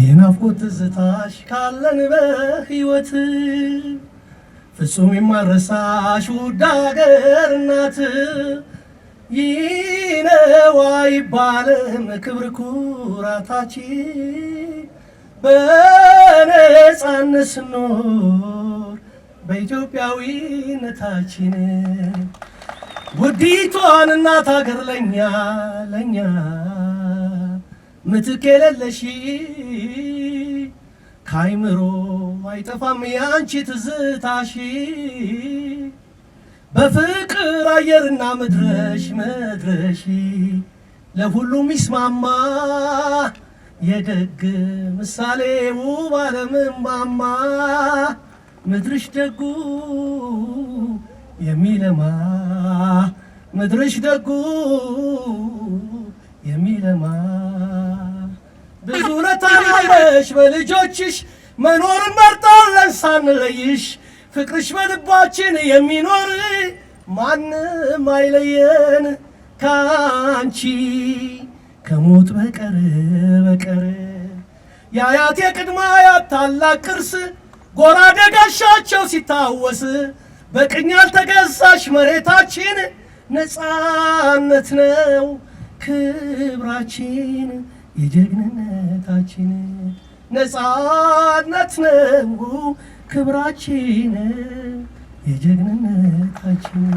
የናፍቆት ትዝታሽ ካለን በሕይወት ፍጹም የማረሳሽ ውድ አገር እናት ይነዋ ይባልም ክብር ኩራታች በነፃነት ስኖር በኢትዮጵያዊነታችን ውዲቷን እናት አገር ለኛ ለኛ ምትክ የሌለሽ ካይምሮ አይጠፋም ያንቺ ትዝታሽ በፍቅር አየርና ምድረሽ ምድረሽ ለሁሉም ይስማማ የደግ ምሳሌ ውብ ዓለምን ማማ ምድርሽ ደጉ የሚለማ ምድርሽ ደጉ ታመሽ በልጆችሽ መኖርን መርጣለን ሳንለይሽ ፍቅርሽ በልባችን የሚኖር ማንም አይለየን ካንቺ ከሞት በቀር በቀር የአያቴ ቅድመ አያት ታላቅ ቅርስ ጎራ ደጋሻቸው ሲታወስ በቅኝ ያልተገዛሽ መሬታችን ነፃነት ነው ክብራችን የጀግንነታችን ነጻነት ነው ክብራችን የጀግንነታችን